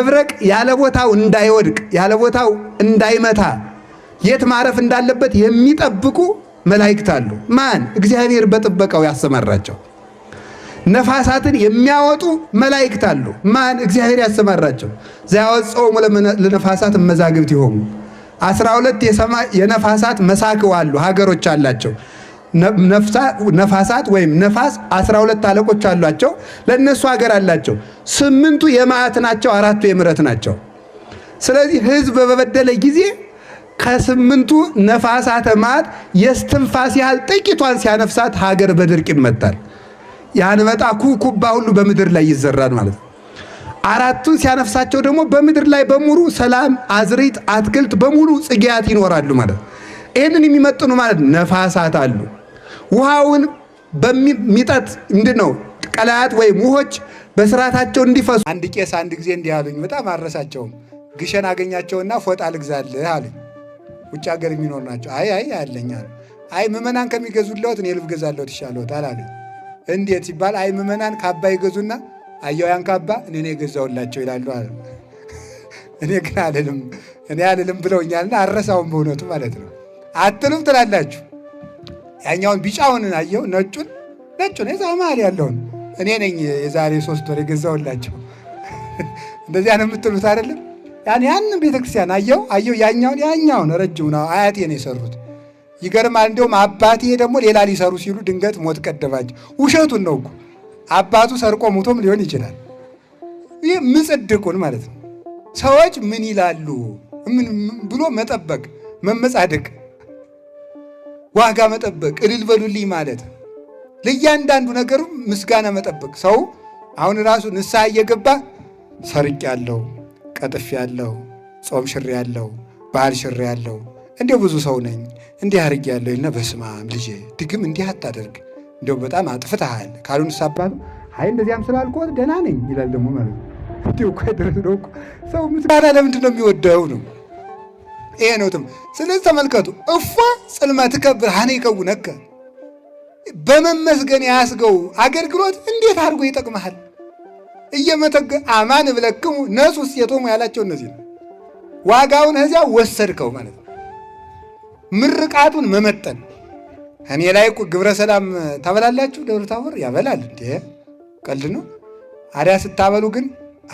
መብረቅ ያለ ቦታው እንዳይወድቅ ያለ ቦታው እንዳይመታ የት ማረፍ እንዳለበት የሚጠብቁ መላእክት አሉ። ማን? እግዚአብሔር በጥበቃው ያሰማራቸው። ነፋሳትን የሚያወጡ መላእክት አሉ። ማን? እግዚአብሔር ያሰማራቸው። ዘያወፅኦሙ ለነፋሳት መዛግብት ይሆኑ አስራ ሁለት የነፋሳት መሳክው አሉ ሀገሮች አላቸው። ነፋሳት ወይም ነፋስ አስራ ሁለት አለቆች አሏቸው። ለእነሱ ሀገር አላቸው። ስምንቱ የማዕት ናቸው፣ አራቱ የምረት ናቸው። ስለዚህ ህዝብ በበደለ ጊዜ ከስምንቱ ነፋሳተ ማዕት የስትንፋስ ያህል ጥቂቷን ሲያነፍሳት ሀገር በድርቅ ይመታል። ያንበጣ ኩኩባ ሁሉ በምድር ላይ ይዘራል ማለት ነው። አራቱን ሲያነፍሳቸው ደግሞ በምድር ላይ በሙሉ ሰላም፣ አዝሪት፣ አትክልት በሙሉ ጽጌያት ይኖራሉ ማለት ነው። ይህንን የሚመጥኑ ማለት ነፋሳት አሉ። ውሃውን በሚጠጥ ምንድን ነው ቀላያት ወይም ውሆች በስርዓታቸው እንዲፈሱ። አንድ ቄስ አንድ ጊዜ እንዲህ አሉኝ፣ በጣም አረሳቸውም። ግሸን አገኛቸውና ፎጣ ልግዛልህ አሉኝ። ውጭ ሀገር የሚኖር ናቸው። አይ አይ አለኝ አሉ። አይ ምዕመናን ከሚገዙልዎት እኔ ልፍገዛልዎት ይሻልዎታል አሉኝ። እንዴት ሲባል አይ ምዕመናን ካባ ይገዙና አያውያን ካባ እኔ ነው የገዛውላቸው ይላሉ አሉ። እኔ ግን አልልም እኔ አልልም ብለውኛልና አረሳውን በእውነቱ ማለት ነው። አትሉም ትላላችሁ ያኛውን ቢጫውን አየው፣ ነጩን ነጩን የዛ መሀል ያለውን እኔ ነኝ የዛሬ ሶስት ወር የገዛውላቸው። እንደዚያ ነው የምትሉት አይደለም? ያን ያንን ቤተክርስቲያን አየው አየው፣ ያኛውን ያኛውን ረጅሙ ነው አያቴ ነው የሰሩት። ይገርማል። እንዲሁም አባቴ ደግሞ ሌላ ሊሰሩ ሲሉ ድንገት ሞት ቀደባቸው። ውሸቱን ነው እኮ አባቱ ሰርቆ ሙቶም ሊሆን ይችላል። ይህ ምጽድቁን ማለት ነው። ሰዎች ምን ይላሉ ብሎ መጠበቅ መመጻደቅ ዋጋ መጠበቅ፣ እልል በሉልኝ ማለት ለእያንዳንዱ ነገሩ ምስጋና መጠበቅ። ሰው አሁን ራሱ ንስሐ እየገባ ሰርቅ ያለው ቀጥፍ ያለው ጾም ሽር ያለው ባህል ሽር ያለው እንዲሁ ብዙ ሰው ነኝ እንዲህ አርግ ያለው ይልና በስማም ልጄ ድግም እንዲህ አታደርግ እንዲሁ በጣም አጥፍተሃል ካሉን ሳባሉ አይ እንደዚያም ስላልኮት ደህና ነኝ ይላል ደግሞ ማለት ነው። እንዲሁ እኮ ሰው ምስጋና ለምንድን ነው የሚወደው ነው ይሄ ነው ትም። ስለዚህ ተመልከቱ፣ እፏ ጽልመትከ ብርሃነ ይከውነከ። በመመስገን ያስገው አገልግሎት እንዴት አድርጎ ይጠቅመሃል። እየመተገ አማን ብለክሙ ነሱ ሴቶሙ ያላቸው እነዚህ ነው። ዋጋውን ከዚያ ወሰድከው ማለት ነው። ምርቃቱን መመጠን እኔ ላይ ግብረ ሰላም ታበላላችሁ። ደብረ ታቦር ያበላል እንዴ? ቀልድ ነው። አዲያ ስታበሉ ግን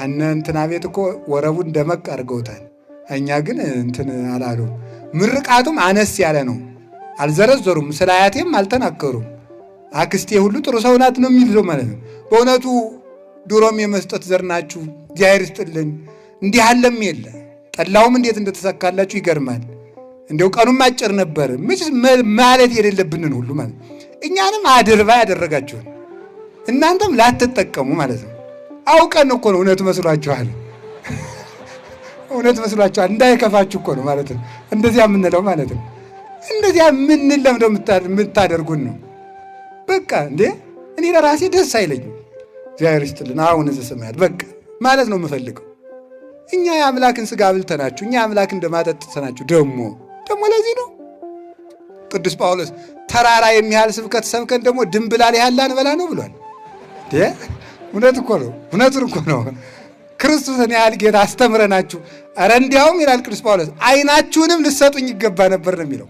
እነ እንትና ቤት እኮ ወረቡን ደመቅ አድርገውታል። እኛ ግን እንትን አላሉ። ምርቃቱም አነስ ያለ ነው። አልዘረዘሩም፣ ስለ አያቴም አልተናገሩም። አክስቴ ሁሉ ጥሩ ሰው ናት ነው የሚል ማለት ነው። በእውነቱ ድሮም የመስጠት ዘር ናችሁ፣ እግዚአብሔር ይስጥልን። እንዲህ አለም የለ ጠላውም እንዴት እንደተሳካላችሁ ይገርማል። እንዲው ቀኑም አጭር ነበር ማለት የሌለብንን ሁሉ ማለት እኛንም አድርባ ያደረጋችሁን እናንተም ላትጠቀሙ ማለት ነው። አውቀን እኮ ነው እውነቱ መስሏችኋል። እውነት መስሏቸዋል። እንዳይከፋችሁ እኮ ነው ማለት ነው። እንደዚያ የምንለው ማለት ነው። እንደዚያ ምንን ለምደው የምታደርጉን ነው። በቃ እንዴ እኔ ለራሴ ደስ አይለኝም። እግዚአብሔር ይስጥልን አሁን እዚህ ሰማያት በቃ ማለት ነው የምፈልገው። እኛ የአምላክን ስጋ ብልተናችሁ፣ እኛ እንደማጠጥ እንደማጠጥተናችሁ ደግሞ ደግሞ ለዚህ ነው ቅዱስ ጳውሎስ ተራራ የሚያህል ስብከት ሰብከን ደግሞ ድንብላል ያህል ላንበላ ነው ብሏል። እውነት እኮ ነው። እውነቱን እኮ ነው። ክርስቶስን ያህል ጌታ አስተምረናችሁ። ኧረ እንዲያውም ይላል ቅዱስ ጳውሎስ ዓይናችሁንም ልሰጡኝ ይገባ ነበር ነው የሚለው።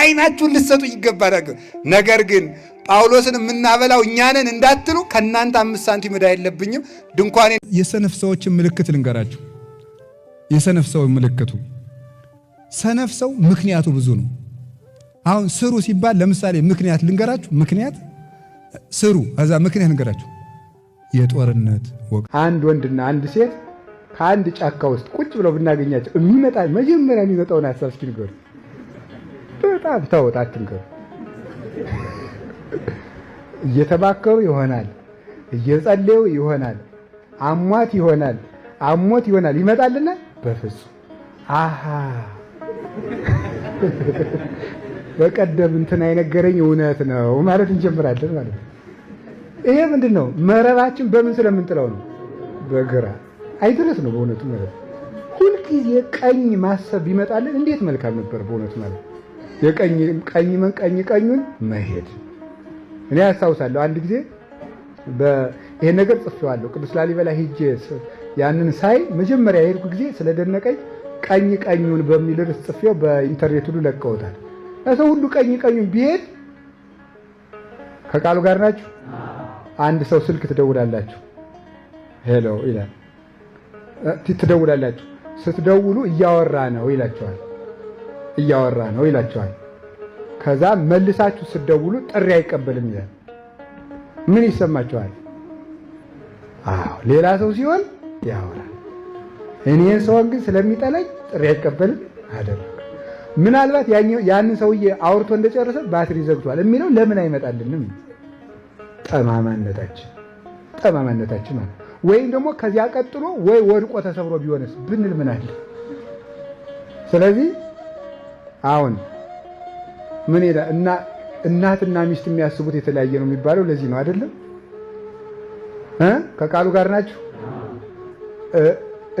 ዓይናችሁን ልሰጡኝ ይገባ ነበር። ነገር ግን ጳውሎስን የምናበላው እኛንን እንዳትሉ ከእናንተ አምስት ሳንቲም ዕዳ የለብኝም። ድንኳኔ የሰነፍ ሰዎችን ምልክት ልንገራችሁ። የሰነፍ ሰው ምልክቱ ሰነፍ ሰው ምክንያቱ ብዙ ነው። አሁን ስሩ ሲባል ለምሳሌ ምክንያት ልንገራችሁ። ምክንያት ስሩ፣ ከዛ ምክንያት ልንገራችሁ የጦርነት ወቅት አንድ ወንድና አንድ ሴት ከአንድ ጫካ ውስጥ ቁጭ ብለው ብናገኛቸው የሚመጣ መጀመሪያ የሚመጣውን ሀሳብ እስኪ ንገሩ። በጣም ተውት፣ አትንገሩ። እየተባከሩ ይሆናል፣ እየጸለዩ ይሆናል፣ አሟት ይሆናል፣ አሞት ይሆናል። ይመጣልና በፍጹም አሀ በቀደም እንትን አይነገረኝ እውነት ነው ማለት እንጀምራለን ማለት ነው። ይሄ ምንድን ነው? መረባችን በምን ስለምንጥለው ነው? በግራ አይድረስ ነው በእውነቱ ማለት ሁልጊዜ ቀኝ ማሰብ ቢመጣልን እንዴት መልካም ነበር በእውነቱ ማለት የቀኝ ቀኝ ቀኝ ቀኙን መሄድ እኔ ያስታውሳለሁ አንድ ጊዜ ይሄን ነገር ጽፌዋለሁ። ቅዱስ ላሊበላ ሂጄ ያንን ሳይ መጀመሪያ የሄድኩ ጊዜ ስለደነቀኝ ቀኝ ቀኙን በሚል ርዕስ ጽፌው በኢንተርኔት ሁሉ ለቀውታል። ሰው ሁሉ ቀኝ ቀኙን ቢሄድ ከቃሉ ጋር ናችሁ። አንድ ሰው ስልክ ትደውላላችሁ፣ ሄሎ ይላል። ትደውላላችሁ፣ ስትደውሉ እያወራ ነው ይላችኋል እያወራ ነው ይላችኋል። ከዛ መልሳችሁ ስትደውሉ ጥሪ አይቀበልም ይላል። ምን ይሰማችኋል? አዎ ሌላ ሰው ሲሆን ያወራል። እኔን ሰውን ግን ስለሚጠላኝ ጥሪ አይቀበልም አደረግ ምናልባት ያንን ሰውዬ አውርቶ እንደጨረሰ ባትሪ ዘግቷል የሚለው ለምን አይመጣልንም? ጠማማነታችን ጠማማነታችን ማለት ወይም ደግሞ ከዚያ ቀጥሎ ወይ ወድቆ ተሰብሮ ቢሆንስ ብንል ምን አለ? ስለዚህ አሁን ምን ይላል እና እናትና ሚስት የሚያስቡት የተለያየ ነው የሚባለው ለዚህ ነው አይደለም ከቃሉ ጋር ናችሁ።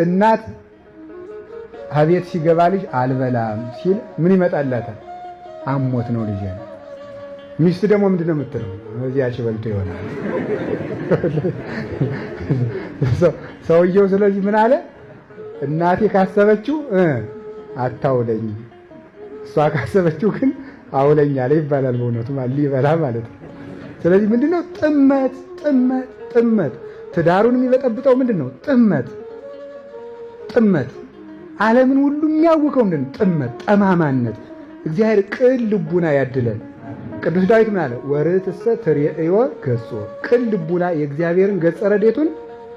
እናት አቤት ሲገባ ልጅ አልበላም ሲል ምን ይመጣላታል? አሞት ነው ልጅ ሚስት ደግሞ ምንድን ነው የምትለው? እዚያች በልቶ ይሆናል ሰውየው። ስለዚህ ምን አለ? እናቴ ካሰበችው አታውለኝ፣ እሷ ካሰበችው ግን አውለኝ አለ ይባላል። በእውነቱ ሊበላ ማለት ነው። ስለዚህ ምንድን ነው ጥመት ጥመት ጥመት ትዳሩን የሚበጠብጠው ምንድን ነው? ጥመት ጥመት ዓለምን ሁሉ የሚያውቀው ምንድን ነው? ጥመት ጠማማነት። እግዚአብሔር ቅን ልቡና ያድለን። ቅዱስ ዳዊት ምን አለ? ወርትሰ ትርእዮ ገጾ ቅን ልቡና የእግዚአብሔርን ገጸ ረዴቱን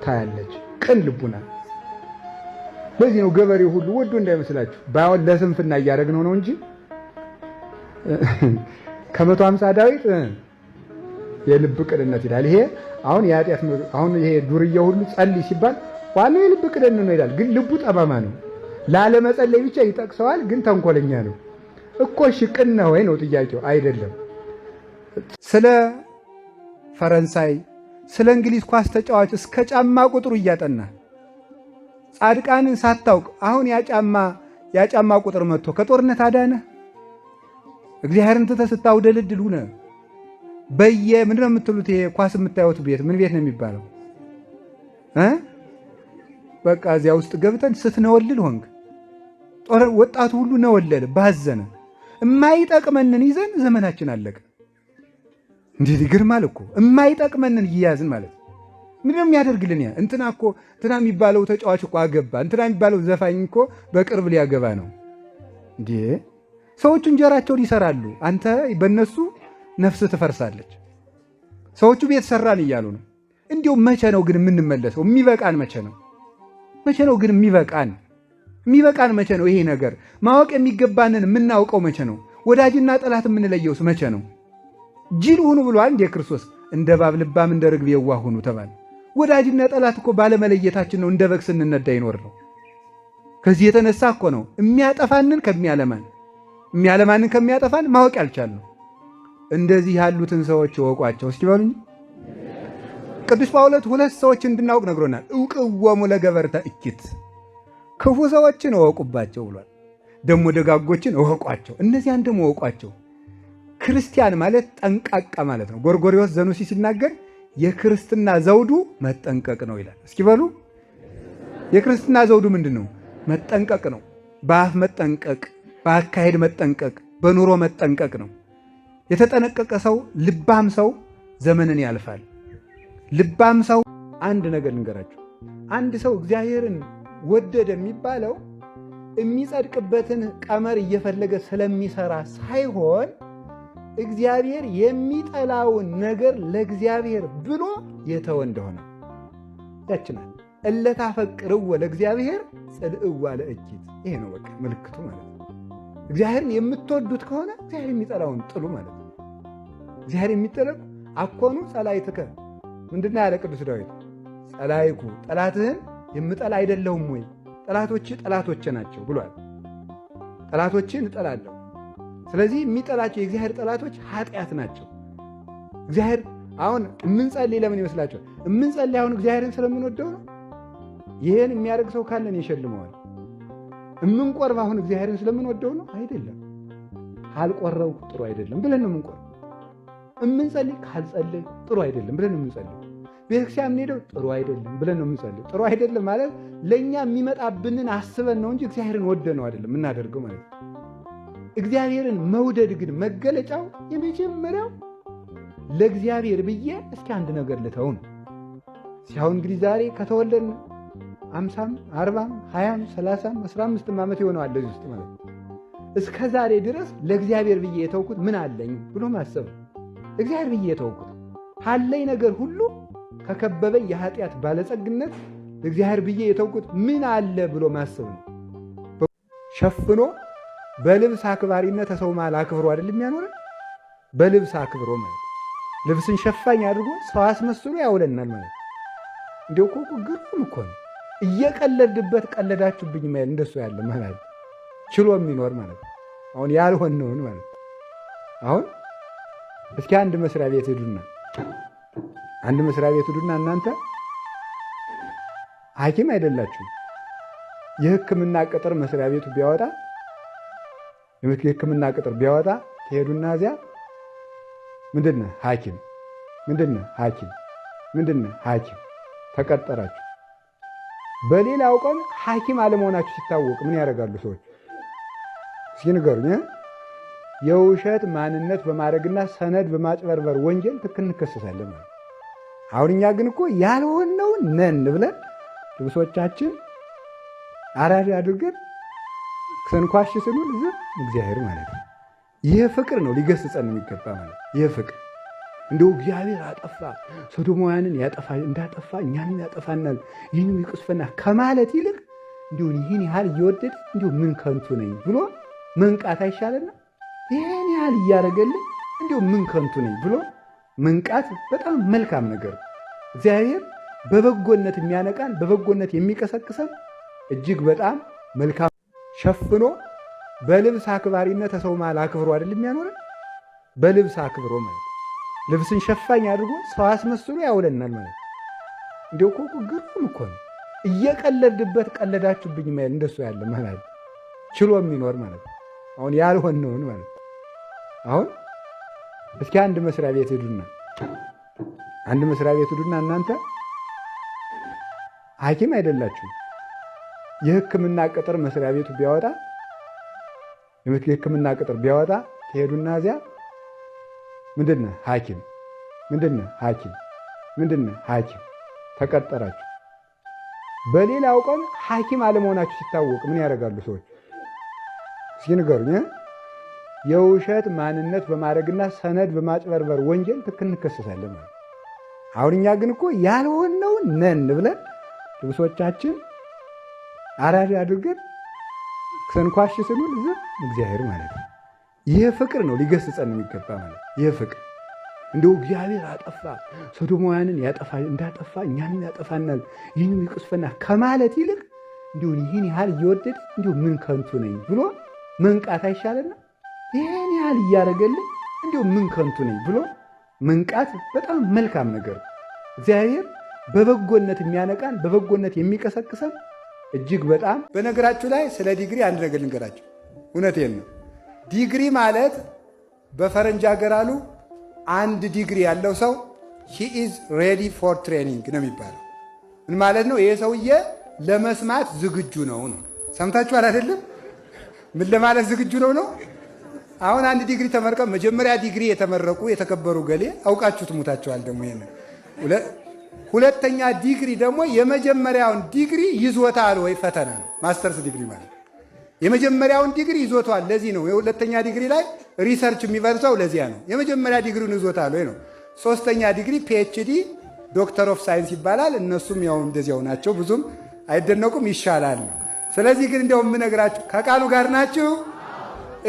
ታያለች። ቅን ልቡና በዚህ ነው ገበሬው ሁሉ ወዶ እንዳይመስላችሁ። ባይሆን ለስንፍና እያደረግነው ነው እንጂ ከመቶ ሃምሳ ዳዊት የልብ ቅንነት ይላል። ይሄ አሁን የኃጢአት አሁን ይሄ ዱርያ ሁሉ ጸልይ ሲባል ዋናው የልብ ቅንነት ነው ይላል። ግን ልቡ ጠማማ ነው። ላለመጸለይ ብቻ ይጠቅሰዋል። ግን ተንኮለኛ ነው እኮ። እሺ ወይ ነው ጥያቄው? አይደለም። ስለ ፈረንሳይ፣ ስለ እንግሊዝ ኳስ ተጫዋች እስከ ጫማ ቁጥሩ እያጠና ጻድቃንን ሳታውቅ አሁን ያጫማ ያጫማ ቁጥር መጥቶ ከጦርነት አዳነ። እግዚአብሔርን ትተ ስታውደልድል ሁነ በየ ምንድ ነው የምትሉት? ይሄ ኳስ የምታዩት ቤት ምን ቤት ነው የሚባለው? በቃ እዚያ ውስጥ ገብተን ስትነወልል ሆንግ ወጣቱ ሁሉ ነወለል ባዘነ። የማይጠቅመንን ይዘን ዘመናችን አለቀ። እንዴት ይገርማል እኮ የማይጠቅመንን እየያዝን ማለት ነው። ምንድነው የሚያደርግልን? ያ እንትና እኮ እንትና የሚባለው ተጫዋች እኮ አገባ፣ እንትና የሚባለው ዘፋኝ እኮ በቅርብ ሊያገባ ነው። እንዴ ሰዎቹ እንጀራቸውን ይሰራሉ፣ አንተ በእነሱ ነፍስ ትፈርሳለች። ሰዎቹ ቤት ሰራን እያሉ ነው። እንዲሁም መቼ ነው ግን የምንመለሰው? የሚበቃን መቼ ነው? መቼ ነው ግን የሚበቃን? የሚበቃን መቼ ነው? ይሄ ነገር ማወቅ የሚገባንን የምናውቀው መቼ ነው? ወዳጅና ጠላት የምንለየውስ መቼ ነው? ጅል ሁኑ ብሏል እንዴ ክርስቶስ? እንደ እባብ ልባም እንደ ርግብ የዋህ ሁኑ ተባለ። ወዳጅና ጠላት እኮ ባለመለየታችን ነው እንደ በግ ስንነዳ ይኖር ነው። ከዚህ የተነሳ እኮ ነው የሚያጠፋንን ከሚያለማን የሚያለማንን ከሚያጠፋን ማወቅ ያልቻልነው። እንደዚህ ያሉትን ሰዎች እወቋቸው እስኪ በሉኝ። ቅዱስ ጳውሎስ ሁለት ሰዎች እንድናውቅ ነግሮናል። እውቅወሙ ለገበርተ እኪት፣ ክፉ ሰዎችን እወቁባቸው ብሏል። ደግሞ ደጋጎችን እወቋቸው፣ እነዚያን ደግሞ እወቋቸው። ክርስቲያን ማለት ጠንቃቃ ማለት ነው። ጎርጎሪዎስ ዘኑሲ ሲናገር የክርስትና ዘውዱ መጠንቀቅ ነው ይላል። እስኪ በሉ የክርስትና ዘውዱ ምንድን ነው? መጠንቀቅ ነው። በአፍ መጠንቀቅ፣ በአካሄድ መጠንቀቅ፣ በኑሮ መጠንቀቅ ነው። የተጠነቀቀ ሰው ልባም ሰው ዘመንን ያልፋል። ልባም ሰው አንድ ነገር ልንገራችሁ። አንድ ሰው እግዚአብሔርን ወደደ የሚባለው የሚጸድቅበትን ቀመር እየፈለገ ስለሚሰራ ሳይሆን እግዚአብሔር የሚጠላውን ነገር ለእግዚአብሔር ብሎ የተወ እንደሆነ ያችናል። እለታፈቅርዎ ለእግዚአብሔር ጽልእዋ ለእጅት ይሄ ነው በቃ ምልክቱ ማለት ነው። እግዚአብሔርን የምትወዱት ከሆነ እግዚአብሔር የሚጠላውን ጥሉ ማለት ነው። እግዚአብሔር የሚጠለቁ አኮኑ ጸላይትከ ምንድን ነው ያለ ቅዱስ ዳዊት ጸላይኩ ጠላትህን የምጠላ አይደለሁም ወይ? ጠላቶች ጠላቶቼ ናቸው ብሏል። ጠላቶችን እጠላለሁ ስለዚህ የሚጠላቸው የእግዚአብሔር ጠላቶች ኃጢአት ናቸው። እግዚአብሔር አሁን የምንጸልይ ለምን ይመስላቸዋል? የምንጸልይ አሁን እግዚአብሔርን ስለምንወደው ነው። ይህን የሚያደርግ ሰው ካለን የሸልመዋል። የምንቆርብ አሁን እግዚአብሔርን ስለምንወደው ነው አይደለም። ካልቆረው ጥሩ አይደለም ብለን ነው የምንቆርብ። የምንጸልይ ካልጸለይ ጥሩ አይደለም ብለን ነው የምንጸልይ። ቤተክርስቲያን የምንሄደው ጥሩ አይደለም ብለን ነው የምንጸልይ። ጥሩ አይደለም ማለት ለእኛ የሚመጣብንን አስበን ነው እንጂ እግዚአብሔርን ወደ ነው አይደለም የምናደርገው ማለት ነው። እግዚአብሔርን መውደድ ግን መገለጫው የመጀመሪያው ለእግዚአብሔር ብዬ እስኪ አንድ ነገር ልተው ነው። ሲያሁን እንግዲህ ዛሬ ከተወለድን አምሳም አርባም ሀያም ሰላሳም አስራ አምስትም ዓመት የሆነው አለ ውስጥ ማለት እስከ ዛሬ ድረስ ለእግዚአብሔር ብዬ የተውኩት ምን አለኝ ብሎ ማሰብ እግዚአብሔር ብዬ የተውኩት ካለኝ ነገር ሁሉ ከከበበኝ የኃጢአት ባለጸግነት እግዚአብሔር ብዬ የተውኩት ምን አለ ብሎ ማሰብ ነው ሸፍኖ በልብስ አክባሪነት ሰው ማል አክብሮ አይደል የሚያኖረ በልብስ አክብሮ ማለት ልብስን ሸፋኝ አድርጎ ሰው አስመስሎ ያውለናል ማለት እንዲያው እኮ ግሩም እኮ ነው። እየቀለድበት ቀለዳችሁብኝ ማለት እንደሱ ያለ ማለት ችሎ የሚኖር ማለት ነው። አሁን ያልሆነውን ማለት አሁን እስኪ አንድ መስሪያ ቤት ሂዱና አንድ መስሪያ ቤት ሂዱና እናንተ ሐኪም አይደላችሁም። የሕክምና ቅጥር መስሪያ ቤቱ ቢያወጣ የሕክምና ቅጥር ቢያወጣ ትሄዱና እዚያ ምንድነ ሐኪም ምንድነ ሐኪም ምንድነ ሐኪም ተቀጠራችሁ። በሌላው ቀን ሐኪም አለመሆናችሁ ሲታወቅ ምን ያደርጋሉ ሰዎች? እስኪ ንገሩኝ። የውሸት ማንነት በማድረግና ሰነድ በማጭበርበር ወንጀል ትክ እንከሰሳለን። አሁን እኛ ግን እኮ ያልሆነውን ነን ብለን ልብሶቻችን አራድ አድርገን ሰንኳሽ ስንል ዝም እግዚአብሔር ማለት ነው። ይህ ፍቅር ነው ሊገስጸን የሚገባ ማለት ይህ ፍቅር እንደው እግዚአብሔር አጠፋ ሶዶማውያንን ያጠፋ እንዳጠፋ እኛንም ያጠፋናል ይህንም ይቅስፈና ከማለት ይልቅ እንዲሁን ይህን ያህል እየወደደ እንዲሁ ምን ከንቱ ነኝ ብሎ መንቃት አይሻለና ይህን ያህል እያደረገልን እንዲሁ ምን ከንቱ ነኝ ብሎ መንቃት በጣም መልካም ነገር። እግዚአብሔር በበጎነት የሚያነቃን በበጎነት የሚቀሰቅሰን እጅግ በጣም መልካም ሸፍኖ በልብስ አክባሪነት ሰው መሃል አክብሮ አይደል የሚያኖረ በልብስ አክብሮ ማለት ልብስን ሸፋኝ አድርጎ ሰው አስመስሎ ያውለናል ማለት እንዲው እኮ ግርም እኮ ነው። እየቀለድበት ቀለዳችሁብኝ ማለት እንደሱ ያለ ማለት ችሎ የሚኖር ማለት ነው። አሁን ያልሆነውን ማለት አሁን እስኪ አንድ መስሪያ ቤት ሂዱና አንድ መስሪያ ቤት ሂዱና እናንተ ሐኪም አይደላችሁም የህክምና ቅጥር መስሪያ ቤቱ ቢያወጣ የህክምና ቅጥር ቢያወጣ ትሄዱና እዚያ ምንድነ ሐኪም ምንድነ ሐኪም ምንድነ ሐኪም ተቀጠራችሁ። በሌላው ቀን ሐኪም አለመሆናችሁ ሲታወቅ ምን ያደርጋሉ ሰዎች? እስኪ ንገሩኝ። የውሸት ማንነት በማድረግና ሰነድ በማጭበርበር ወንጀል ትክ እንከሰሳለን። አሁን እኛ ግን እኮ ያልሆነውን ነን ብለን ልብሶቻችን አራሪ አድርገን ሰንኳሽ ስንል ዝ እግዚአብሔር ማለት ነው። ይህ ፍቅር ነው ሊገስጸን የሚገባ ማለት ይህ ፍቅር እንደው እግዚአብሔር አጠፋ ሶዶማውያንን ያጠፋ እንዳጠፋ እኛንም ያጠፋናል፣ ይህንም ይቅስፈና ከማለት ይልቅ እንዲሁን ይህን ያህል እየወደደ እንዲሁ ምን ከንቱ ነኝ ብሎ መንቃት አይሻልና ይህን ያህል እያደረገልን እንዲሁ ምን ከንቱ ነኝ ብሎ መንቃት በጣም መልካም ነገር። እግዚአብሔር በበጎነት የሚያነቃን በበጎነት የሚቀሰቅሰን እጅግ በጣም በነገራችሁ ላይ ስለ ዲግሪ አንድ ነገር ልንገራችሁ። እውነቴን ነው። ዲግሪ ማለት በፈረንጅ ሀገር አሉ አንድ ዲግሪ ያለው ሰው ሂ ኢዝ ሬዲ ፎር ትሬኒንግ ነው የሚባለው። ምን ማለት ነው? ይሄ ሰውዬ ለመስማት ዝግጁ ነው ነው። ሰምታችኋል አይደለም? ምን ለማለት ዝግጁ ነው ነው። አሁን አንድ ዲግሪ ተመርቀው መጀመሪያ ዲግሪ የተመረቁ የተከበሩ ገሌ አውቃችሁ ትሙታችኋል ደግሞ ይሄንን ሁለተኛ ዲግሪ ደግሞ የመጀመሪያውን ዲግሪ ይዞታል ወይ ፈተና ነው። ማስተርስ ዲግሪ ማለት የመጀመሪያውን ዲግሪ ይዞቷል። ለዚህ ነው የሁለተኛ ዲግሪ ላይ ሪሰርች የሚበርሰው ለዚያ ነው። የመጀመሪያ ዲግሪውን ይዞታል ወይ ነው። ሶስተኛ ዲግሪ ፒኤችዲ፣ ዶክተር ኦፍ ሳይንስ ይባላል። እነሱም ያው እንደዚያው ናቸው፣ ብዙም አይደነቁም፣ ይሻላል። ስለዚህ ግን እንዲያው የምነግራችሁ ከቃሉ ጋር ናችሁ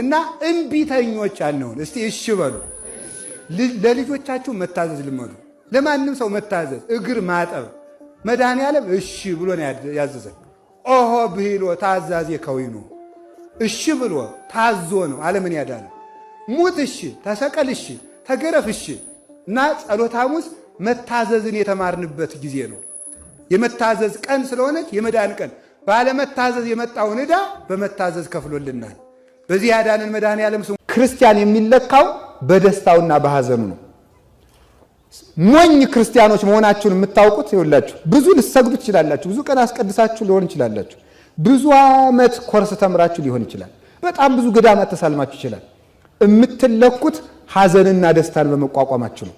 እና እምቢተኞች አንሁን። እስቲ እሺ በሉ። ለልጆቻችሁ መታዘዝ ልመዱ። ለማንም ሰው መታዘዝ፣ እግር ማጠብ መዳን ዓለም እሺ ብሎ ነው ያዘዘን። ኦሆ ብሂሎ ታዛዜ ከዊኑ እሺ ብሎ ታዞ ነው ዓለምን ያዳነ። ሙት እሺ፣ ተሰቀል እሺ፣ ተገረፍ እሺ። እና ጸሎተ ሐሙስ መታዘዝን የተማርንበት ጊዜ ነው። የመታዘዝ ቀን ስለሆነች የመዳን ቀን፣ ባለመታዘዝ የመጣውን ዕዳ በመታዘዝ ከፍሎልናል። በዚህ ያዳንን መዳን ዓለም ስሙ። ክርስቲያን የሚለካው በደስታውና በሐዘኑ ነው። ሞኝ ክርስቲያኖች መሆናችሁን የምታውቁት ይኸውላችሁ፣ ብዙ ልሰግዱ ትችላላችሁ። ብዙ ቀን አስቀድሳችሁ ሊሆን ይችላላችሁ። ብዙ ዓመት ኮርስ ተምራችሁ ሊሆን ይችላል። በጣም ብዙ ገዳማት ተሳልማችሁ ይችላል። የምትለኩት ሐዘንና ደስታን በመቋቋማችሁ ነው።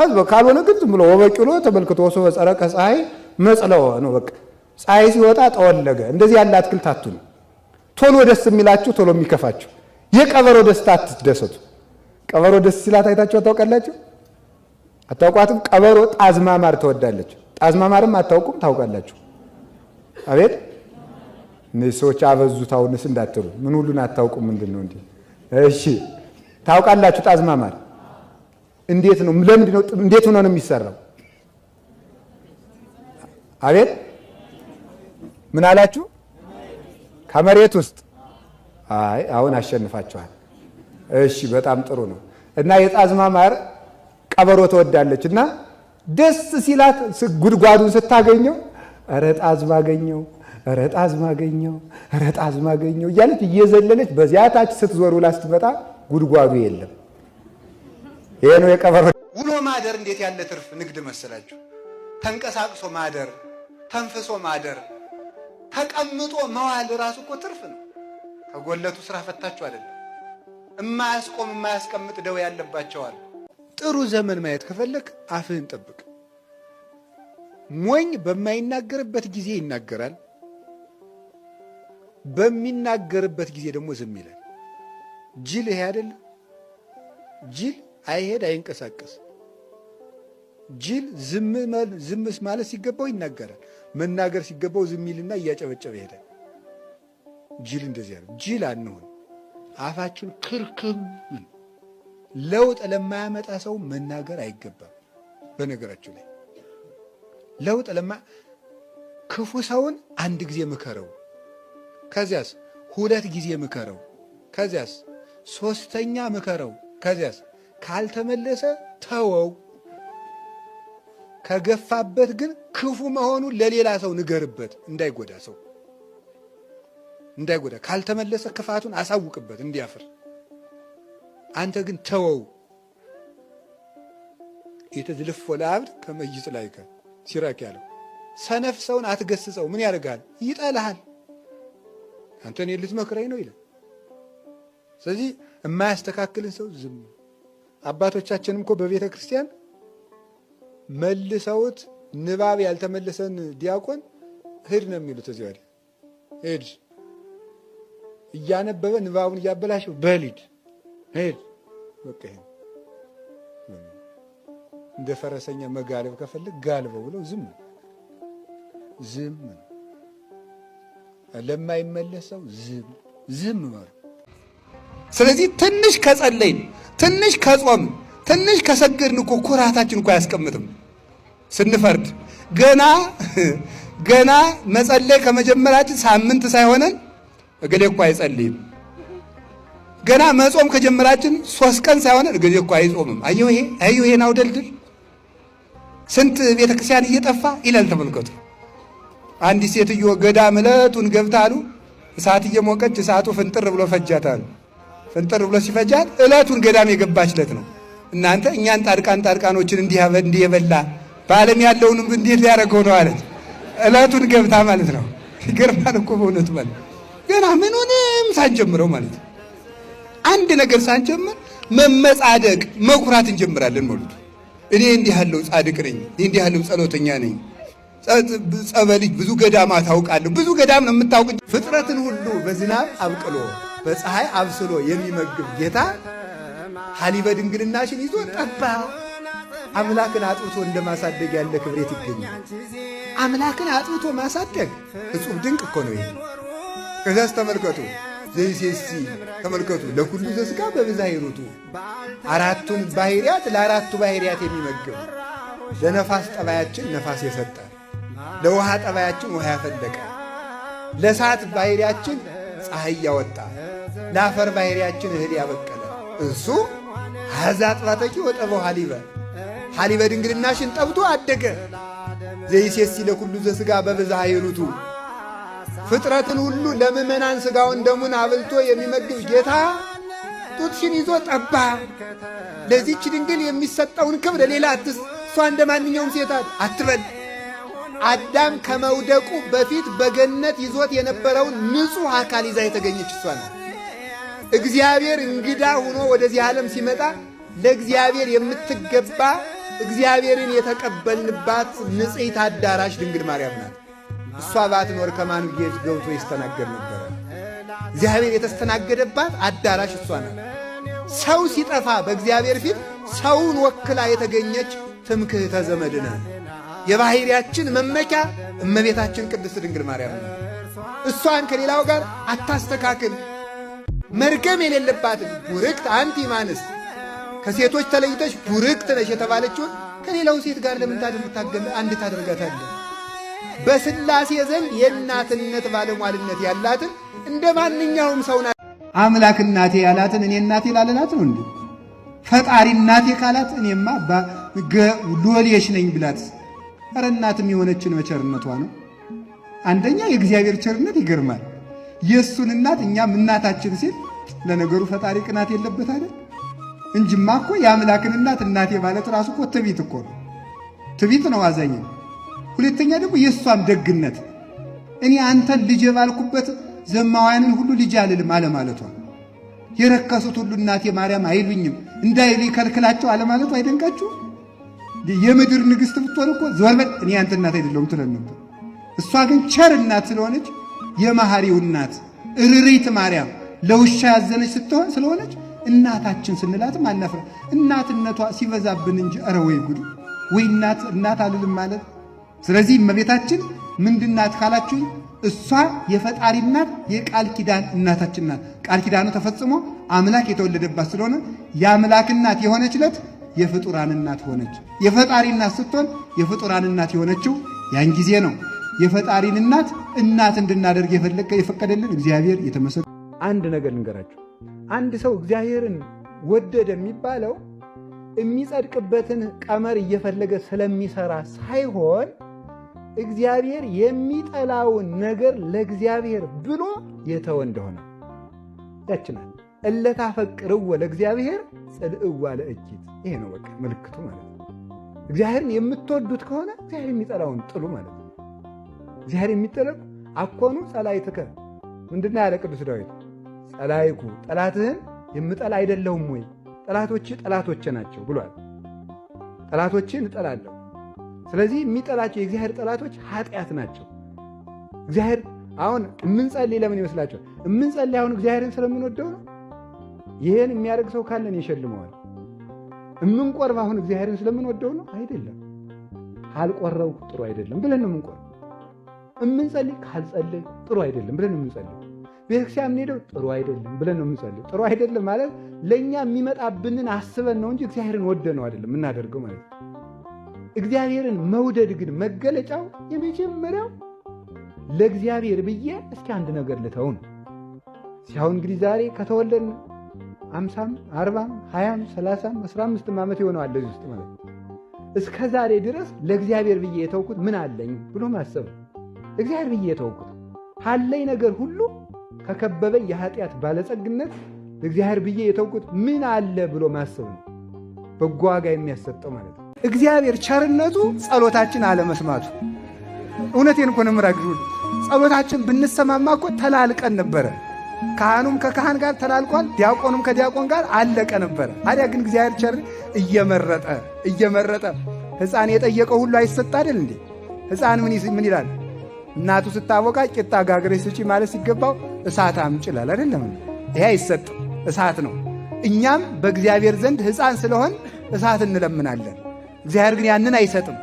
ህዝብ ካልሆነ ግን ዝም ብሎ ወበቂሎ ተመልክቶ ወሶ በጸረቀ ፀሐይ መጽለው ነው። በቃ ፀሐይ ሲወጣ ጠወለገ። እንደዚህ ያለ አትክልት አትሁኑ። ቶሎ ደስ የሚላችሁ ቶሎ የሚከፋችሁ። የቀበሮ ደስታ አትደሰቱ። ቀበሮ ደስ ሲላት አይታችሁ ታውቃላችሁ? አታውቋትም? ቀበሮ ጣዝማማር ትወዳለች። ጣዝማማርም አታውቁም? ታውቃላችሁ? አቤት እነዚህ ሰዎች አበዙት። አሁንስ እንዳትሉ ምን ሁሉን አታውቁም። ምንድን ነው እንዲ? እሺ ታውቃላችሁ? ጣዝማማር እንዴት ነው? ለምንድን ነው? እንዴት ሆኖ ነው የሚሰራው? አቤት ምን አላችሁ? ከመሬት ውስጥ። አይ አሁን አሸንፋችኋል። እሺ በጣም ጥሩ ነው። እና የጣዝማማር ቀበሮ ትወዳለች እና ደስ ሲላት ጉድጓዱን ስታገኘው ኧረ ጣዝ ማገኘው ኧረ ጣዝ ማገኘው ኧረ ማገኘው እያለች እየዘለለች በዚያ ታች ስትዞር ውላ ስትመጣ ጉድጓዱ የለም። ይሄ ነው የቀበሮ ውሎ ማደር። እንዴት ያለ ትርፍ ንግድ መሰላችሁ! ተንቀሳቅሶ ማደር፣ ተንፍሶ ማደር፣ ተቀምጦ መዋል ራሱ እኮ ትርፍ ነው። ከጎለቱ ስራ ፈታችሁ አይደለም። የማያስቆም የማያስቀምጥ ደዌ ያለባቸዋል። ጥሩ ዘመን ማየት ከፈለክ አፍህን ጠብቅ። ሞኝ በማይናገርበት ጊዜ ይናገራል፣ በሚናገርበት ጊዜ ደግሞ ዝም ይላል። ጅል ይሄ አይደል? ጅል አይሄድ አይንቀሳቀስ። ጅል ዝምስ ማለት ሲገባው ይናገራል፣ መናገር ሲገባው ዝም ይልና እያጨበጨበ ይሄዳል። ጅል እንደዚህ ያለ ጅል አንሆን። አፋችን ክርክም ለውጥ ለማያመጣ ሰው መናገር አይገባም። በነገራችሁ ላይ ለውጥ ለማ ክፉ ሰውን አንድ ጊዜ ምከረው፣ ከዚያስ ሁለት ጊዜ ምከረው፣ ከዚያስ ሶስተኛ ምከረው፣ ከዚያስ ካልተመለሰ ተወው። ከገፋበት ግን ክፉ መሆኑ ለሌላ ሰው ንገርበት፣ እንዳይጎዳ ሰው እንዳይጎዳ ካልተመለሰ ክፋቱን አሳውቅበት እንዲያፍር አንተ ግን ተወው። የተዝልፎ ለአብድ ከመይጽ ላይከ ሲራክ ያለው ሰነፍ ሰውን አትገስጸው። ምን ያደርግሃል? ይጠላሃል። አንተ እኔን ልትመክረኝ ነው ይላል። ስለዚህ የማያስተካክልን ሰው ዝም። አባቶቻችንም እኮ በቤተ ክርስቲያን መልሰውት ንባብ ያልተመለሰን ዲያቆን ሂድ ነው የሚሉት። እዚህ ወዲያ ሂድ እያነበበ ንባቡን እያበላሸው በሊድ ሂድ በቃ ይሄ እንደ ፈረሰኛ መጋለብ ከፈለግ ጋልበው ብለው ዝም ዝም ለማይመለሰው ዝም ዝም ማለት። ስለዚህ ትንሽ ከጸለይን፣ ትንሽ ከጾም ትንሽ ከሰገድን እኮ ኩራታችን እኮ አያስቀምጥም። ስንፈርድ ገና ገና መጸለይ ከመጀመራችን ሳምንት ሳይሆነን እገሌ እኮ አይጸልይም ገና መጾም ከጀመራችን ሶስት ቀን ሳይሆን እገሌ እኮ አይጾምም፣ አዩ ይሄ አየሁ ይሄን አውደልድል ስንት ቤተክርስቲያን እየጠፋ ይላል። ተመልከቱ። አንዲት ሴትዮ ገዳም ዕለቱን ገብታ አሉ እሳት እየሞቀች እሳቱ ፍንጥር ብሎ ፈጃት አሉ። ፍንጥር ብሎ ሲፈጃት ዕለቱን ገዳም የገባች ዕለት ነው። እናንተ እኛን ጻድቃን ጻድቃኖችን እንዲህ የበላ በዓለም ያለውንም እንዴት ሊያደርገው ነው አለች። ዕለቱን ገብታ ማለት ነው። ይገርማል እኮ በእውነቱ ማለት ገና ምኑንም ሳንጀምረው ማለት ነው። አንድ ነገር ሳንጀምር መመጻደቅ መኩራት እንጀምራለን ማለት ነው። እኔ እንዲህ ያለው ጻድቅ ነኝ፣ እኔ እንዲህ ያለው ጸሎተኛ ነኝ፣ ጸበልጅ ብዙ ገዳማ ታውቃለሁ፣ ብዙ ገዳም ነው የምታውቅ። ፍጥረትን ሁሉ በዝናብ አብቅሎ በፀሐይ አብስሎ የሚመግብ ጌታ ሀሊበ ድንግልናሽን ይዞ ጠባ። አምላክን አጥብቶ እንደማሳደግ ያለ ክብሬት ይገኛል። አምላክን አጥብቶ ማሳደግ እጹብ ድንቅ እኮ ነው። ይሄ ከዚያስ ተመልከቱ ዘይሴሲ ተመልከቱ ለኩሉ ዘስጋ በብዛ ይሩቱ አራቱን ባህሪያት ለአራቱ ባህሪያት የሚመግብ ለነፋስ ጠባያችን ነፋስ የሰጠ ለውሃ ጠባያችን ውሃ ያፈለቀ ለእሳት ባህሪያችን ፀሐይ ያወጣ ለአፈር ባህሪያችን እህል ያበቀለ እሱ ሀዛ ጥባጠቂ ወጠበው ሀሊበ ሀሊበ ድንግልናሽን ጠብቶ አደገ ዘይሴሲ ለኩሉ ዘስጋ በብዛ ይሩቱ ፍጥረትን ሁሉ ለምእመናን ሥጋውን ደሙን አብልቶ የሚመግብ ጌታ ጡትሽን ይዞ ጠባ። ለዚች ድንግል የሚሰጠውን ክብር ሌላ አትስ እሷ እንደ ማንኛውም ሴታት አትበል። አዳም ከመውደቁ በፊት በገነት ይዞት የነበረውን ንጹሕ አካል ይዛ የተገኘች እሷ ነው። እግዚአብሔር እንግዳ ሆኖ ወደዚህ ዓለም ሲመጣ ለእግዚአብሔር የምትገባ እግዚአብሔርን የተቀበልንባት ንጽሕት አዳራሽ ድንግል ማርያም ናት። እሷ ባትኖር ከማን ጌት ገብቶ ይስተናገድ ነበረ። እግዚአብሔር የተስተናገደባት አዳራሽ እሷ ነው። ሰው ሲጠፋ በእግዚአብሔር ፊት ሰውን ወክላ የተገኘች ትምክህተ ዘመድና የባሕርያችን መመኪያ እመቤታችን ቅድስት ድንግል ማርያም ነው። እሷን ከሌላው ጋር አታስተካክል። መርገም የሌለባትን ቡርክት አንቲ ማንስ ከሴቶች ተለይተች ቡርክት ነሽ የተባለችውን ከሌላው ሴት ጋር ለምን አንድ ታደርጋታለን? በስላሴ ዘንድ የእናትነት ባለሟልነት ያላትን እንደ ማንኛውም ሰው ናት። አምላክ እናቴ ያላትን እኔ እናቴ ላለናት ነው እንዴ? ፈጣሪ እናቴ ካላት እኔማ ሎሌሽ ነኝ ብላት። ኧረ እናትም የሆነችን መቸርነቷ ነው። አንደኛ የእግዚአብሔር ቸርነት ይገርማል። የእሱን እናት እኛም እናታችን ሲል ለነገሩ ፈጣሪ ቅናት የለበት አይደል? እንጅማ እኮ የአምላክን እናት እናቴ ማለት ራሱ እኮ ትቢት እኮ ነው። ትቢት ነው አዛኝ ሁለተኛ ደግሞ የእሷም ደግነት እኔ አንተን ልጅ የባልኩበት ዘማውያንን ሁሉ ልጅ አልልም አለማለቷ፣ የረከሱት ሁሉ እናቴ ማርያም አይሉኝም እንዳይሉኝ ከልክላቸው አለማለቷ አይደንቃችሁ? የምድር ንግሥት ብትሆን እኮ እኔ አንተ እናት አይደለሁም ትለን ነበር። እሷ ግን ቸር እናት ስለሆነች የማሐሪው እናት እርሪት ማርያም ለውሻ ያዘነች ስትሆን ስለሆነች እናታችን ስንላትም አናፍራ። እናትነቷ ሲበዛብን እንጂ ኧረ ወይ ጉድ ወይ እናት እናት አልልም ማለት ስለዚህ እመቤታችን ምንድናት ካላችሁ እሷ የፈጣሪ እናት የቃል ኪዳን እናታችን ናት። ቃል ኪዳኑ ተፈጽሞ አምላክ የተወለደባት ስለሆነ የአምላክ እናት የሆነች ዕለት የፍጡራን እናት ሆነች። የፈጣሪ እናት ስትሆን የፍጡራን እናት የሆነችው ያን ጊዜ ነው። የፈጣሪን እናት እናት እንድናደርግ የፈቀደልን እግዚአብሔር የተመሰ አንድ ነገር እንገራችሁ። አንድ ሰው እግዚአብሔርን ወደደ የሚባለው የሚጸድቅበትን ቀመር እየፈለገ ስለሚሰራ ሳይሆን እግዚአብሔር የሚጠላውን ነገር ለእግዚአብሔር ብሎ የተወ እንደሆነ ያችናል። እለታፈቅርዎ ለእግዚአብሔር ጽልእዋ ለእጅት ይሄ ነው በቃ ምልክቱ ማለት ነው። እግዚአብሔርን የምትወዱት ከሆነ እግዚአብሔር የሚጠላውን ጥሉ ማለት ነው። እግዚአብሔር የሚጠለቁ አኮኑ ጸላይትከ ምንድን ነው ያለ ቅዱስ ዳዊት ጸላይኩ ጠላትህን የምጠላ አይደለሁም ወይ? ጠላቶች ጠላቶቼ ናቸው ብሏል። ጠላቶችን እጠላለሁ ስለዚህ የሚጠላቸው የእግዚአብሔር ጠላቶች ኃጢአት ናቸው። እግዚአብሔር አሁን የምንጸልይ ለምን ይመስላቸው? የምንጸልይ አሁን እግዚአብሔርን ስለምንወደው ነው። ይህን የሚያደርግ ሰው ካለን ይሸልመዋል። የምንቆርብ አሁን እግዚአብሔርን ስለምንወደው ነው አይደለም። ካልቆረው ጥሩ አይደለም ብለን ነው የምንቆርብ። የምንጸልይ ካልጸልይ ጥሩ አይደለም ብለን ነው የምንጸልይ። ቤተክርስቲያን የምንሄደው ጥሩ አይደለም ብለን ነው የምንጸልይ። ጥሩ አይደለም ማለት ለእኛ የሚመጣብንን አስበን ነው እንጂ እግዚአብሔርን ወደ ነው አይደለም የምናደርገው ማለት ነው። እግዚአብሔርን መውደድ ግን መገለጫው የመጀመሪያው ለእግዚአብሔር ብዬ እስኪ አንድ ነገር ልተው ነው። ሲያሁን እንግዲህ ዛሬ ከተወለድን አምሳም አርባም ሀያም ሰላሳም አስራ አምስትም ዓመት የሆነዋል ለዚህ ውስጥ ማለት እስከ ዛሬ ድረስ ለእግዚአብሔር ብዬ የተውኩት ምን አለኝ ብሎ ማሰብ እግዚአብሔር ብዬ የተውኩት ካለኝ ነገር ሁሉ ከከበበ የኃጢአት ባለጸግነት እግዚአብሔር ብዬ የተውኩት ምን አለ ብሎ ማሰብ ነው በጎ ዋጋ የሚያሰጠው ማለት ነው። እግዚአብሔር ቸርነቱ ጸሎታችን አለመስማቱ። እውነቴን እኮ ነው ጸሎታችን ብንሰማማ እኮ ተላልቀን ነበረ። ካህኑም ከካህን ጋር ተላልቋል፣ ዲያቆኑም ከዲያቆን ጋር አለቀ ነበረ። አዲያ ግን እግዚአብሔር ቸር እየመረጠ እየመረጠ ሕፃን የጠየቀው ሁሉ አይሰጥ አይደል እንዴ? ሕፃን ምን ይላል? እናቱ ስታቦቃ ቂጣ ጋግሬ ስጪ ማለት ሲገባው እሳት አምጭላል ይላል አይደለም? ይሄ አይሰጥ እሳት ነው። እኛም በእግዚአብሔር ዘንድ ሕፃን ስለሆን እሳት እንለምናለን። እግዚአብሔር ግን ያንን አይሰጥም።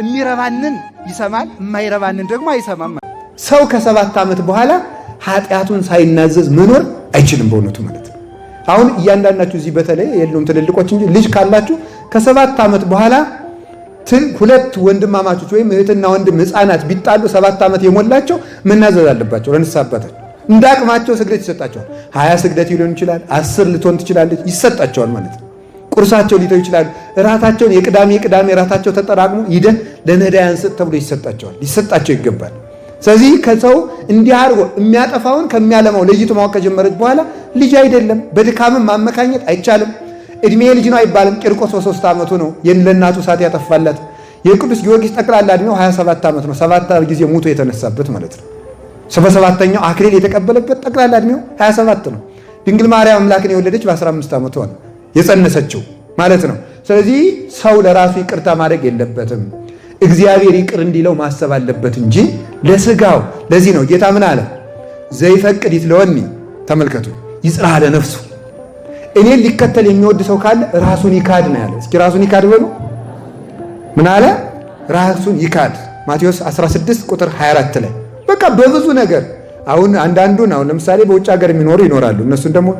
የሚረባንን ይሰማል፣ የማይረባንን ደግሞ አይሰማም። ሰው ከሰባት ዓመት በኋላ ኃጢአቱን ሳይናዘዝ መኖር አይችልም። በእውነቱ ማለት ነው። አሁን እያንዳንዳችሁ እዚህ በተለይ የለውም ትልልቆች እንጂ ልጅ ካላችሁ ከሰባት ዓመት በኋላ ሁለት ወንድማማቾች ወይም እህትና ወንድም ህፃናት ቢጣሉ ሰባት ዓመት የሞላቸው መናዘዝ አለባቸው ለንስሐ አባታቸው። እንደ አቅማቸው ስግደት ይሰጣቸዋል። ሀያ ስግደት ሊሆን ይችላል፣ አስር ልትሆን ትችላለች፣ ይሰጣቸዋል ማለት ነው። ቁርሳቸውን ሊተው ይችላሉ። ራታቸውን የቅዳሜ ቅዳሜ ራታቸው ተጠራቅሞ ሂደ ለነዳያን ስጥ ተብሎ ይሰጣቸዋል፣ ሊሰጣቸው ይገባል። ስለዚህ ከሰው እንዲህ አድርጎ የሚያጠፋውን ከሚያለማው ለይቱ ማወቅ ከጀመረች በኋላ ልጅ አይደለም። በድካምም ማመካኘት አይቻልም። እድሜ ልጅ ነው አይባልም። ቂርቆስ በሶስት ዓመቱ ነው ለእናቱ እሳት ያጠፋላት። የቅዱስ ጊዮርጊስ ጠቅላላ እድሜው 27 ዓመት ነው። ሰባት ጊዜ ሙቶ የተነሳበት ማለት ነው። ሰበሰባተኛው አክሊል የተቀበለበት ጠቅላላ እድሜው 27 ነው። ድንግል ማርያም አምላክን የወለደች በ15 ዓመቷ ነው። የጸነሰችው ማለት ነው። ስለዚህ ሰው ለራሱ ይቅርታ ማድረግ የለበትም እግዚአብሔር ይቅር እንዲለው ማሰብ አለበት እንጂ ለስጋው። ለዚህ ነው ጌታ ምን አለ? ዘይፈቅድ ይትለወኒ፣ ተመልከቱ፣ ይጽራ ለነፍሱ። እኔን ሊከተል የሚወድ ሰው ካለ ራሱን ይካድ ነው ያለ። እስኪ ራሱን ይካድ በሉ። ምን አለ? ራሱን ይካድ ማቴዎስ 16 ቁጥር 24 ላይ በቃ በብዙ ነገር አሁን አንዳንዱን አሁን ለምሳሌ በውጭ ሀገር የሚኖሩ ይኖራሉ። እነሱን ደግሞ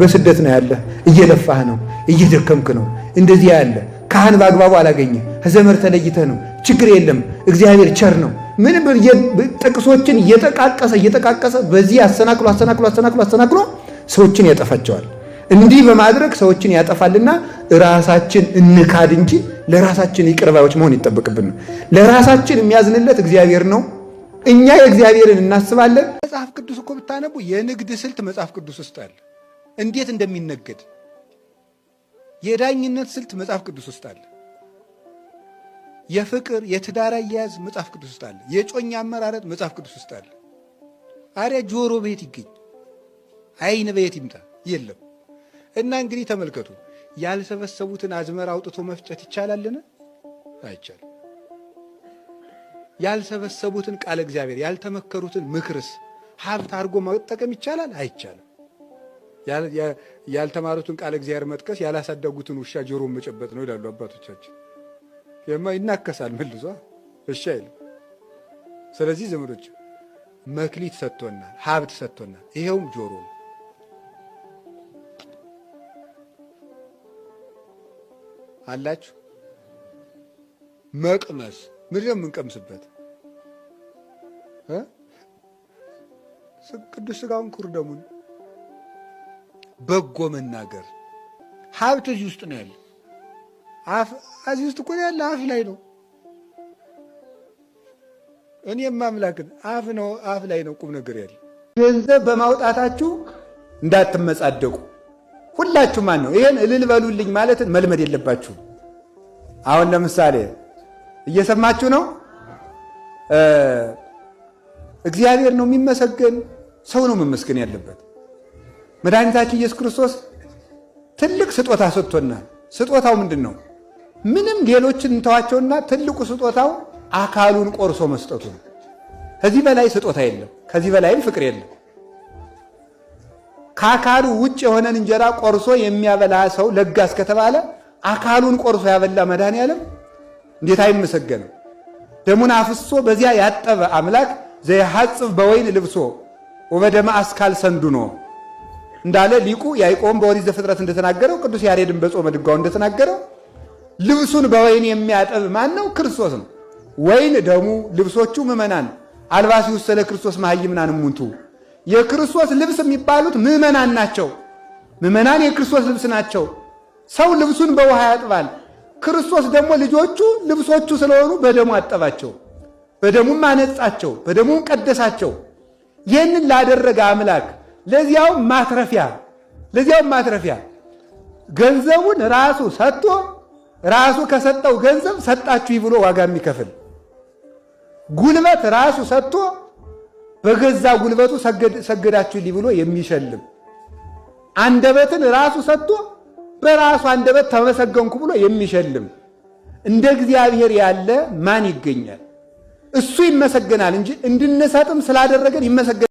በስደት ነው ያለ፣ እየለፋህ ነው፣ እየደከምክ ነው፣ እንደዚህ ያለ ካህን በአግባቡ አላገኘ ከዘመድ ተለይተህ ነው። ችግር የለም እግዚአብሔር ቸር ነው። ምን ጥቅሶችን እየጠቃቀሰ እየጠቃቀሰ በዚህ አሰናክሎ አሰናክሎ አሰናክሎ አሰናክሎ ሰዎችን ያጠፋቸዋል። እንዲህ በማድረግ ሰዎችን ያጠፋልና ራሳችን እንካድ እንጂ ለራሳችን ይቅር መሆን ይጠበቅብን። ለራሳችን የሚያዝንለት እግዚአብሔር ነው። እኛ የእግዚአብሔርን እናስባለን። መጽሐፍ ቅዱስ እኮ ብታነቡ የንግድ ስልት መጽሐፍ ቅዱስ ውስጥ አለ። እንዴት እንደሚነገድ የዳኝነት ስልት መጽሐፍ ቅዱስ ውስጥ አለ። የፍቅር የትዳር አያያዝ መጽሐፍ ቅዱስ ውስጥ አለ። የጮኛ አመራረጥ መጽሐፍ ቅዱስ ውስጥ አለ። አሪያ ጆሮ በየት ይገኝ? አይን በየት ይምጣ? የለም። እና እንግዲህ ተመልከቱ፣ ያልሰበሰቡትን አዝመራ አውጥቶ መፍጨት ይቻላልን? አይቻልም። ያልሰበሰቡትን ቃለ እግዚአብሔር ያልተመከሩትን ምክርስ ሀብት አድርጎ መጠቀም ይቻላል? አይቻልም። ያልተማሩትን ቃለ እግዚአብሔር መጥቀስ ያላሳደጉትን ውሻ ጆሮ መጨበጥ ነው ይላሉ አባቶቻችን። የማ ይናከሳል መልሷ እሺ አይልም። ስለዚህ ዘመዶች መክሊት ሰጥቶናል፣ ሀብት ሰጥቶናል። ይሄውም ጆሮ ነው። አላችሁ መቅመስ ምንድን ነው የምንቀምስበት? ቅዱስ ስጋውን ክቡር ደሙን በጎ መናገር ሀብት እዚህ ውስጥ ነው ያለ። እዚህ ውስጥ እኮ ያለ አፍ ላይ ነው። እኔ የማምላክን አፍ ነው አፍ ላይ ነው ቁም ነገር ያለ። ገንዘብ በማውጣታችሁ እንዳትመጻደቁ ሁላችሁ ማን ነው ይሄን እልል በሉልኝ ማለትን መልመድ የለባችሁም። አሁን ለምሳሌ እየሰማችሁ ነው። እግዚአብሔር ነው የሚመሰገን፣ ሰው ነው መመስገን ያለበት። መድኃኒታችን ኢየሱስ ክርስቶስ ትልቅ ስጦታ ሰጥቶናል። ስጦታው ምንድን ነው? ምንም ሌሎችን እንተዋቸውና ትልቁ ስጦታው አካሉን ቆርሶ መስጠቱ ነው። ከዚህ በላይ ስጦታ የለም። ከዚህ በላይም ፍቅር የለም። ከአካሉ ውጭ የሆነን እንጀራ ቆርሶ የሚያበላ ሰው ለጋስ ከተባለ አካሉን ቆርሶ ያበላ መድኃኔ ያለም። እንዴት አይመሰገንም? ደሙን አፍሶ በዚያ ያጠበ አምላክ ዘየሐጽብ በወይን ልብሶ ወበደመ አስካል ሰንዱኖ እንዳለ ሊቁ ያይቆም በኦሪት ዘፍጥረት እንደተናገረው ቅዱስ ያሬድን በጾመ ድጓው እንደተናገረው ልብሱን በወይን የሚያጠብ ማን ነው? ክርስቶስ ነው። ወይን ደሙ፣ ልብሶቹ ምእመናን። አልባስ ስለ ክርስቶስ መሐይምናን ሙንቱ የክርስቶስ ልብስ የሚባሉት ምእመናን ናቸው። ምእመናን የክርስቶስ ልብስ ናቸው። ሰው ልብሱን በውሃ ያጥባል። ክርስቶስ ደግሞ ልጆቹ ልብሶቹ ስለሆኑ በደሙ አጠባቸው፣ በደሙም አነጻቸው፣ በደሙም ቀደሳቸው። ይህንን ላደረገ አምላክ ለዚያው ማትረፊያ ለዚያውም ማትረፊያ ገንዘቡን ራሱ ሰጥቶ ራሱ ከሰጠው ገንዘብ ሰጣችሁ ብሎ ዋጋ የሚከፍል ጉልበት ራሱ ሰጥቶ በገዛ ጉልበቱ ሰገዳችሁ ብሎ የሚሸልም አንደበትን ራሱ ሰጥቶ በራሱ አንደበት ተመሰገንኩ ብሎ የሚሸልም እንደ እግዚአብሔር ያለ ማን ይገኛል? እሱ ይመሰገናል እንጂ እንድንሰጥም ስላደረገን ይመሰገናል።